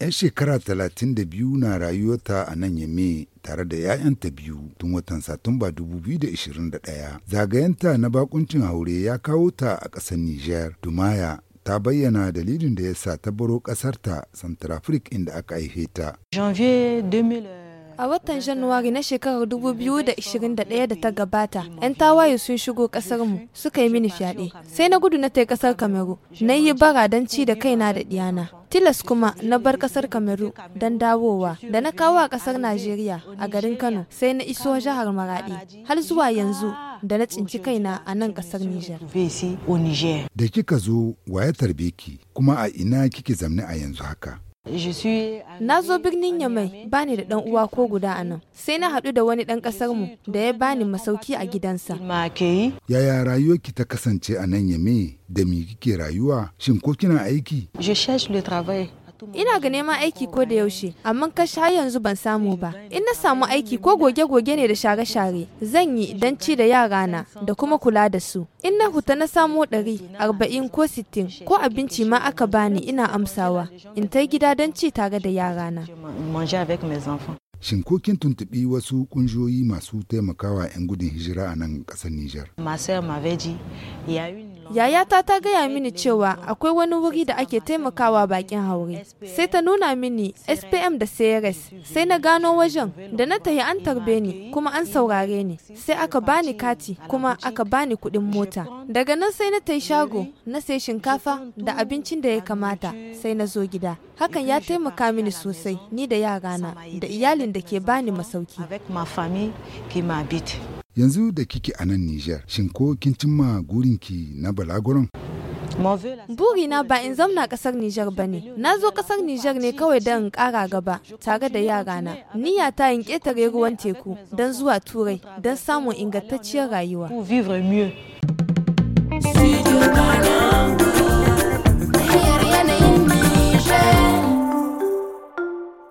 'yan shekara 32 na rayuwarta a nan Yame tare da 'ya'yanta biyu tun watan Satumba 2021. Zagayenta na bakuncin haure ya kawo ta a ƙasar Niger Dumaya, ta bayyana dalilin da ya sa ta baro ƙasarta africa inda aka haife ta. A watan Januwari na shekarar 2021 da ta gabata, 'yan tawaye sun shigo mu suka yi mini fyaɗe. Sai na gudu na tai ƙasar Kameru, na yi bara don ci da kaina da ɗiyana. tilas kuma na bar kasar kameru don dawowa da na kawo a kasar najeriya a garin kano sai na iso jihar maradi har zuwa yanzu da na tsinci kaina a nan kasar niger da kika zo waya tarbe ki kuma a ina kike zamne a yanzu haka Na zo birnin Yamai bani da ɗan uwa ko guda a nan. Sai na haɗu da wani ɗan ƙasarmu da ya bani masauki a gidansa. Yaya rayuwarki ta kasance a nan Yamai da me kike rayuwa? Shin ko kina aiki? Ina ga neman aiki ko da yaushe, amma kashi har yanzu ban samu ba. In na samu aiki ko goge-goge ne da share-share, zan yi don ci da yarana da kuma kula da su. In na huta na samu ɗari, arba'in ko sittin ko abinci ma aka bani ina amsawa. In ta gida don ci tare da yarana. Shin ko kin tuntuɓi wasu ƙungiyoyi masu taimakawa 'yan gudun hijira a nan ƙasar Nijar? Yayata ta gaya mini cewa akwai wani wuri da ake taimakawa bakin haure. Sai ta nuna mini SPM da CRS. Sai na gano wajen da na tahi an tarbe ni kuma an saurare ni. Sai aka bani kati kuma aka bani kudin mota. Daga nan sai na tayi shago na sai shinkafa da abincin da ya kamata sai na zo gida. Hakan ya taimaka mini sosai ni da yarana da iyalin da ke bani masauki. Yanzu da kike a nan Nijar, shin ko kin cimma gurinki na balaguron? Burina ba in zamna kasar Nijar ba ne, na zo kasar Nijar ne kawai don in kara gaba tare da yarana. Niyya ta yin ƙetare ruwan teku don zuwa Turai don samun ingantacciyar rayuwa.